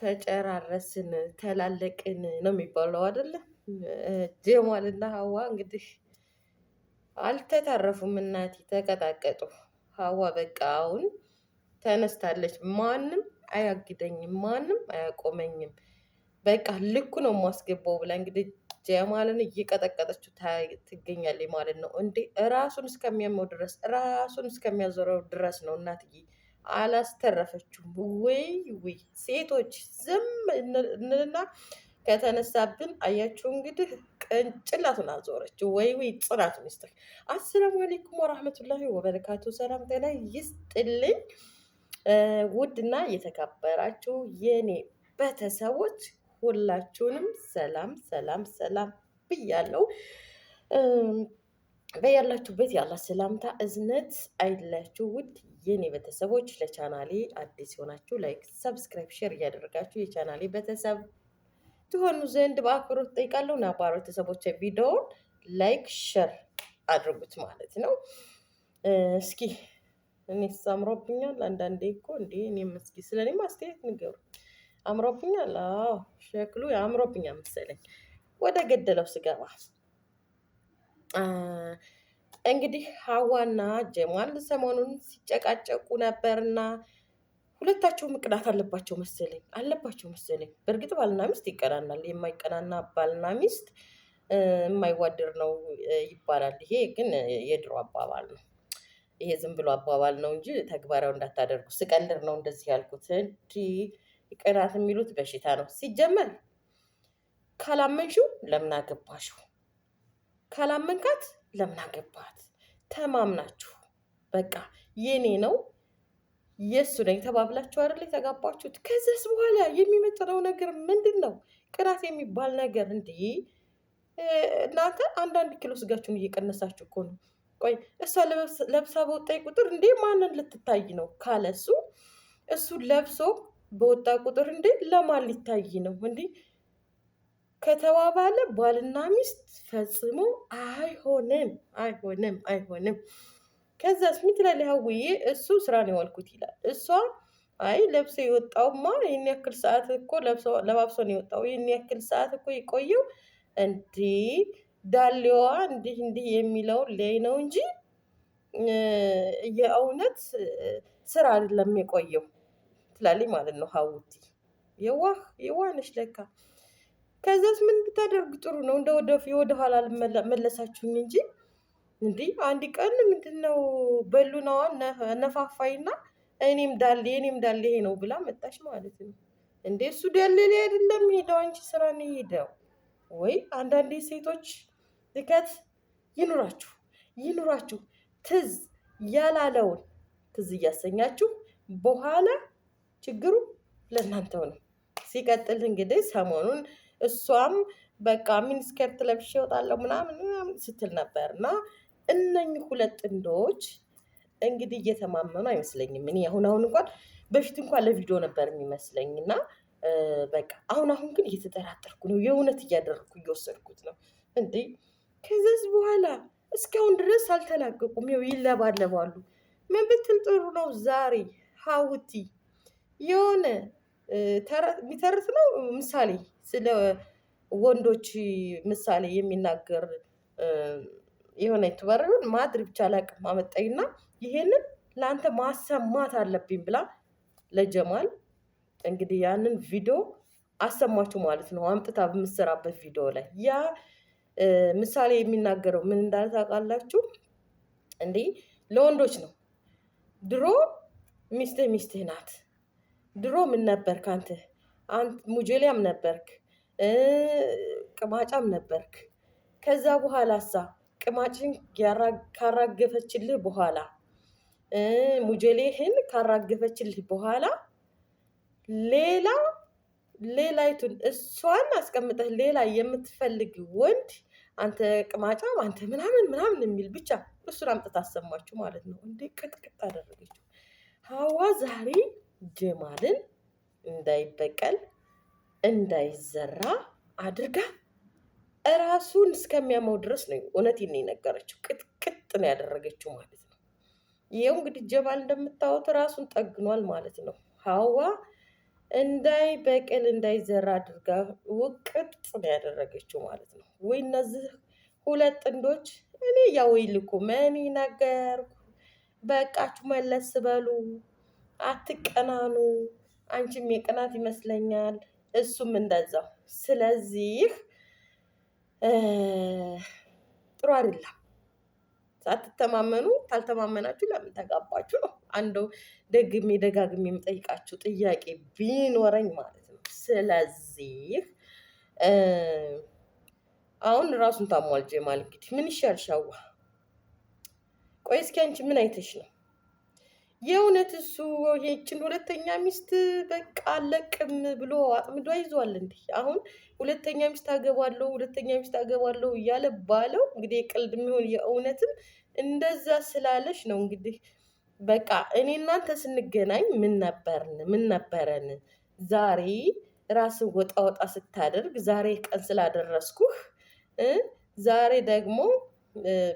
ተጨራረስን ተላለቅን ነው የሚባለው አይደለ? ጀማልና ሀዋ እንግዲህ አልተታረፉም። እናቴ ተቀጣቀጡ። ሀዋ በቃ አሁን ተነስታለች። ማንም አያግደኝም፣ ማንም አያቆመኝም፣ በቃ ልኩ ነው የማስገባው ብላ እንግዲህ ጀማልን እየቀጠቀጠችው ትገኛለች ማለት ነው። እንዴ ራሱን እስከሚያመው ድረስ ራሱን እስከሚያዞረው ድረስ ነው እናትዬ አላስተረፈችውም። ውይ ውይ ሴቶች ዝም እንልና ከተነሳብን አያችሁ እንግዲህ ቅንጭላቱን አዞረች። ወይ ወይ ጽናት ይስጥል። አሰላሙ አሌይኩም ወራህመቱላሂ ወበረካቱ። ሰላም ጤና ይስጥልኝ። ውድና የተከበራችሁ የኔ ቤተሰቦች ሁላችሁንም ሰላም ሰላም ሰላም ብያለው። በያላችሁበት የአላ ሰላምታ እዝነት አይላችሁ። ውድ የኔ ቤተሰቦች ለቻናሌ አዲስ የሆናችሁ ላይክ፣ ሰብስክራይብ፣ ሼር እያደረጋችሁ የቻናሌ ቤተሰብ ትሆኑ ዘንድ በአክብሮት ጠይቃለሁ። ነባር ቤተሰቦች ቪዲዮውን ላይክ፣ ሸር አድርጉት ማለት ነው። እስኪ እኔ አምሮብኛል። አንዳንዴ እኮ እንዴ መስኪ እስኪ ስለኔም አስተያየት ንገሩ። አምሮብኛል፣ ሸክሉ አምሮብኛል መሰለኝ። ወደ ገደለው ስገባ እንግዲህ ሀዋና ጀማል ሰሞኑን ሲጨቃጨቁ ነበርና ሁለታቸው ምቅናት አለባቸው መሰለኝ አለባቸው መሰለኝ። በእርግጥ ባልና ሚስት ይቀናናል። የማይቀናና ባልና ሚስት የማይዋደር ነው ይባላል። ይሄ ግን የድሮ አባባል ነው። ይሄ ዝም ብሎ አባባል ነው እንጂ ተግባራዊ እንዳታደርጉ። ስቀልድ ነው እንደዚህ ያልኩት። እንዲህ ቅናት የሚሉት በሽታ ነው። ሲጀመር ካላመንሽው ለምን አገባሽው? ካላመንካት ለምን አገባት? ተማምናችሁ በቃ የኔ ነው የእሱ ነኝ ተባብላችሁ አይደል የተጋባችሁት? ከዚያስ በኋላ የሚመጥነው ነገር ምንድን ነው? ቅናት የሚባል ነገር እንዴ! እናንተ አንዳንድ ኪሎ ስጋችሁን እየቀነሳችሁ እኮ ነው። ቆይ እሷ ለብሳ በወጣ ቁጥር እንዴ ማንን ልትታይ ነው ካለሱ እሱ እሱ ለብሶ በወጣ ቁጥር እንዴ ለማን ሊታይ ነው እንዲህ ከተባባለ ባልና ሚስት ፈጽሞ አይሆንም አይሆንም አይሆንም። ከዛስ ምን ትላለህ? ሀውዬ እሱ ስራ ነው የዋልኩት ይላል። እሷ አይ ለብሶ የወጣውማ ይህን ያክል ሰዓት እኮ ለባብሶ ነው የወጣው ይህን ያክል ሰዓት እኮ የቆየው እንዲህ ዳሌዋ እንዲህ እንዲህ የሚለው ላይ ነው እንጂ የእውነት ስራ አይደለም የቆየው ትላለች ማለት ነው። ሀውቲ የዋህ የዋህ ነሽ ለካ። ከዛስ ምን ብታደርግ ጥሩ ነው? እንደ ወደፊ ኋላ መለሳችሁኝ እንጂ እንዲህ አንድ ቀን ምንድን ነው ነፋፋይና እኔም ዳሌ እኔም ዳሌ ይሄ ነው ብላ መጣች ማለት ነው። እንዴ እሱ ዳሌ ላይ አይደለም ሄደው አንቺ ስራ ነው ሄደው ወይ አንዳንዴ ሴቶች ልከት ይኑራችሁ ይኑራችሁ ትዝ ያላለውን ትዝ እያሰኛችሁ በኋላ ችግሩ ለእናንተው ነው። ሲቀጥል እንግዲህ ሰሞኑን እሷም በቃ ሚኒስከርት ለብሼ እወጣለሁ ምናምን ምናምን ስትል ነበር። እና እነኝህ ሁለት ጥንዶች እንግዲህ እየተማመኑ አይመስለኝም። እኔ አሁን አሁን እንኳን በፊት እንኳን ለቪዲዮ ነበር የሚመስለኝ እና በቃ አሁን አሁን ግን እየተጠራጠርኩ ነው። የእውነት እያደረግኩ እየወሰድኩት ነው እንዴ ከዘዝ በኋላ እስካሁን ድረስ አልተላቀቁም። ው ይለባለባሉ። ምን ብትል ጥሩ ነው ዛሬ ሀውቲ የሆነ የሚተርት ነው። ምሳሌ ስለ ወንዶች ምሳሌ የሚናገር የሆነ ዩቱበርን ማድር ብቻ ላቅም አመጣኝና ይሄንን ለአንተ ማሰማት አለብኝ ብላ ለጀማል እንግዲህ ያንን ቪዲዮ አሰማችሁ ማለት ነው። አምጥታ በምሰራበት ቪዲዮ ላይ ያ ምሳሌ የሚናገረው ምን እንዳለ ታውቃላችሁ? እንዲህ ለወንዶች ነው። ድሮ ሚስትህ ሚስትህ ናት ድሮ ምን ነበርክ አንተ? ሙጀሌያም ነበርክ። ቅማጫም ነበርክ። ከዛ በኋላ ሳ ቅማጭን ካራገፈችልህ በኋላ ሙጀሌህን ካራገፈችልህ በኋላ ሌላ ሌላይቱን እሷን አስቀምጠህ ሌላ የምትፈልግ ወንድ አንተ ቅማጫም አንተ ምናምን ምናምን የሚል ብቻ እሱን አምጥታ አሰማችሁ ማለት ነው። እንዴ ቅጥቅጥ አደረገችው ሀዋ ዛሬ ጀማልን እንዳይበቀል እንዳይዘራ አድርጋ እራሱን እስከሚያመው ድረስ ነው። እውነቴን ነው የነገረችው። ቅጥቅጥ ነው ያደረገችው ማለት ነው። ይኸው እንግዲህ ጀማል እንደምታወት ራሱን ጠግኗል ማለት ነው። ሀዋ እንዳይበቅል እንዳይዘራ አድርጋ ውቅጥ ነው ያደረገችው ማለት ነው። ወይ እነዚህ ሁለት ጥንዶች እኔ ያወይልኩ መን ነገር በቃችሁ መለስ በሉ አትቀናኑ። አንቺም የቅናት ይመስለኛል፣ እሱም እንደዛው። ስለዚህ ጥሩ አይደለም። ሳትተማመኑ ካልተማመናችሁ ለምን ተጋባችሁ ነው። አንዱ ደግሜ ደጋግሜ የምጠይቃችሁ ጥያቄ ቢኖረኝ ማለት ነው። ስለዚህ አሁን ራሱን ታሟል ጀማል። እንግዲህ ምን ሻዋ? ቆይ እስኪ አንቺ ምን አይተሽ ነው የእውነት እሱ ይህችን ሁለተኛ ሚስት በቃ አለቅም ብሎ አጥምዶ ይዟል። እንዲ አሁን ሁለተኛ ሚስት አገባለሁ ሁለተኛ ሚስት አገባለሁ እያለ ባለው እንግዲህ የቀልድ የሚሆን የእውነትም እንደዛ ስላለች ነው እንግዲህ በቃ እኔ እናንተ ስንገናኝ ምን ነበርን ምን ነበረን? ዛሬ ራስን ወጣ ወጣ ስታደርግ ዛሬ ቀን ስላደረስኩህ ዛሬ ደግሞ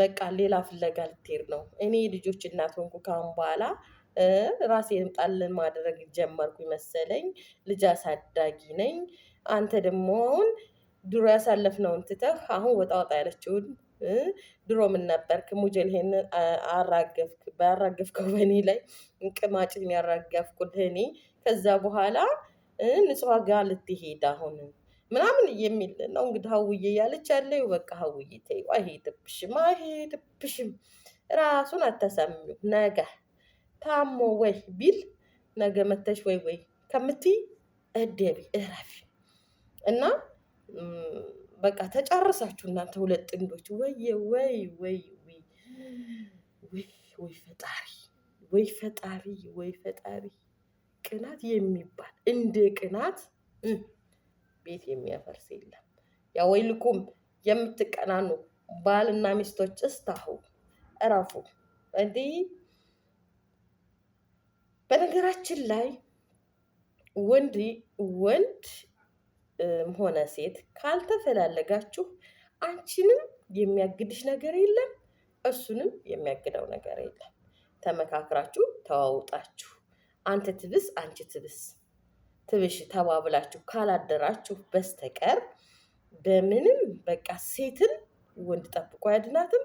በቃ ሌላ ፍለጋ ልትሄድ ነው። እኔ ልጆች እናት ሆንኩ ካሁን በኋላ ራሴን ጣል ማድረግ ጀመርኩ መሰለኝ። ልጅ አሳዳጊ ነኝ። አንተ ደግሞ አሁን ድሮ ያሳለፍነውን ትተህ አሁን ወጣ ወጣ ያለችውን ድሮ ምን ነበርክ? ሙጀልሄን አራገፍክ ባያራገፍከው በእኔ ላይ እንቅማጭን ያራገፍኩት እኔ ከዛ በኋላ ንጹሕ ጋር ልትሄድ አሁን ምናምን የሚል ነው እንግዲህ ሀውዬ ያለች ያለው በቃ ሀውዬ ተይው፣ አይሄድብሽም አይሄድብሽም፣ ራሱን አታሳምኙ። ነገ ታሞ ወይ ቢል ነገ መተሽ ወይ ወይ ከምትይ እደቢ እረፊ እና በቃ ተጨርሳችሁ እናንተ ሁለት ጥንዶች ወይ ወይ ወይ ወይ ወይ ፈጣሪ ወይ ፈጣሪ ወይ ፈጣሪ ቅናት የሚባል እንደ ቅናት ቤት የሚያፈርስ የለም። ያው ይልቁም የምትቀናኑ ባልና ሚስቶች እስታሁ እረፉ። እንዲህ በነገራችን ላይ ወንድ ወንድ ሆነ ሴት ካልተፈላለጋችሁ አንቺንም የሚያግድሽ ነገር የለም፣ እሱንም የሚያግደው ነገር የለም። ተመካክራችሁ ተዋውጣችሁ አንተ ትብስ አንቺ ትብስ ትብሽ ተባብላችሁ ካላደራችሁ በስተቀር በምንም በቃ ሴትን ወንድ ጠብቆ አያድናትም፣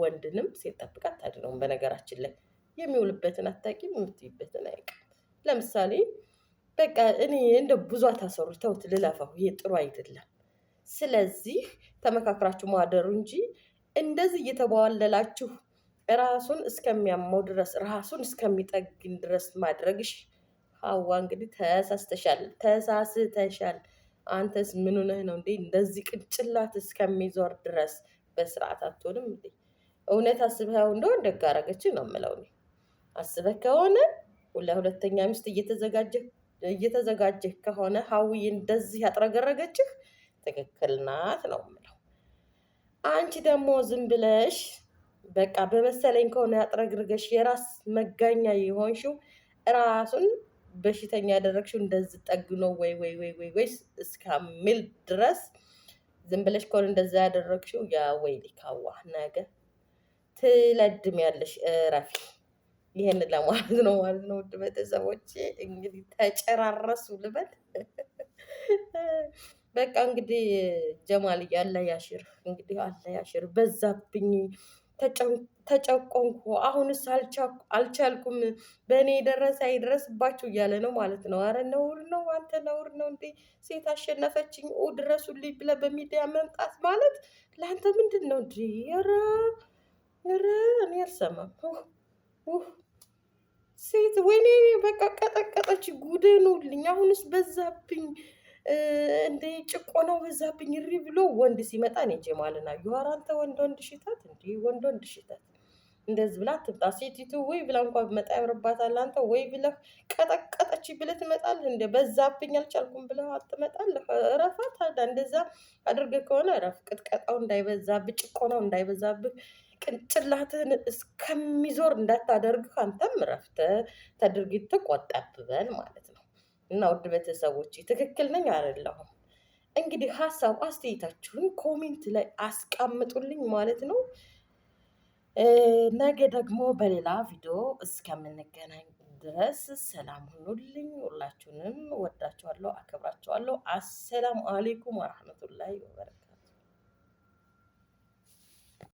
ወንድንም ሴት ጠብቃ አታድነውም። በነገራችን ላይ የሚውልበትን አታውቂም፣ የምትይበትን አያውቅም። ለምሳሌ በቃ እኔ እንደ ብዙ ታሰሩ ተውት፣ ልለፋው፣ ይሄ ጥሩ አይደለም። ስለዚህ ተመካክራችሁ ማደሩ እንጂ እንደዚህ እየተባዋለላችሁ ራሱን እስከሚያማው ድረስ ራሱን እስከሚጠግን ድረስ ማድረግሽ ሀዋ እንግዲህ ተሳስተሻል፣ ተሳስተሻል። አንተስ ምን ሆነህ ነው እንዴ እንደዚህ ቅንጭላት እስከሚዞር ድረስ በስርዓት አትሆንም እንዴ? እውነት አስበኸው እንደሆን ደግ አደረገችህ ነው የምለው እኔ። አስበህ ከሆነ ለሁለተኛ ሚስት እየተዘጋጀህ ከሆነ ሀውዬ እንደዚህ ያጥረገረገችህ ትክክል ናት ነው የምለው። አንቺ ደግሞ ዝም ብለሽ በቃ በመሰለኝ ከሆነ ያጥረግርገሽ የራስ መገኛ የሆንሽው ራሱን በሽተኛ ያደረግሽው እንደዚህ ጠግኖ ወይ ወይ ወይ ወይ ወይ እስከሚል ድረስ ዝም ብለሽ ከሆነ እንደዛ ያደረግሽው ያ ወይ ሊካዋ ነገ ትለድም ያለሽ እረፊ። ይህን ለማለት ነው ማለት ነው። ውድ ቤተሰቦቼ እንግዲህ ተጨራረሱ ልበል። በቃ እንግዲህ ጀማል አለ ያሽር፣ እንግዲህ አለ ያሽር በዛብኝ ተጨቆንኩ፣ አሁንስ አልቻልኩም፣ በእኔ የደረሰ አይድረስባችሁ እያለ ነው ማለት ነው። አረ ነውር ነው፣ አንተ ነውር ነው እንዴ! ሴት አሸነፈችኝ ኦ ድረሱልኝ ብለ በሚዲያ መምጣት ማለት ለአንተ ምንድን ነው እንዴ? ኧረ ኧረ እኔ አልሰማም። ሴት ወይኔ፣ በቃ ቀጠቀጠች፣ ጉድኑልኝ፣ አሁንስ በዛብኝ እንደ ጭቆናው በዛብኝ እሪ ብሎ ወንድ ሲመጣ እኔ ጀማልና ዩዋር አንተ ወንድ ወንድ ሽታት እንዲ ወንድ ወንድ ሽታት እንደዚህ ብላ ትምጣ ሴቲቱ ወይ ብላ እንኳ መጣ ያምርባታል። አንተ ወይ ብለ ቀጠቀጠች ብለ ትመጣል። እንደ በዛብኝ አልቻልኩም ብለ አትመጣል። እረፋት አዳ እንደዛ አድርገ ከሆነ እረፍ። ቅጥቀጣው እንዳይበዛብህ፣ ጭቆናው እንዳይበዛብህ ቅንጭላትን እስከሚዞር እንዳታደርግ አንተም እረፍት ተድርጊት ትቆጠብበል ማለት ነው። እና ውድ ቤተሰቦች ትክክል ነኝ አይደለሁም? እንግዲህ ሀሳብ አስተያየታችሁን ኮሜንት ላይ አስቀምጡልኝ ማለት ነው። ነገ ደግሞ በሌላ ቪዲዮ እስከምንገናኝ ድረስ ሰላም ሁኑልኝ። ሁላችሁንም ወዳችኋለሁ፣ አከብራችኋለሁ። አሰላሙ አሌይኩም ወረህመቱላሂ ወበረካቱ።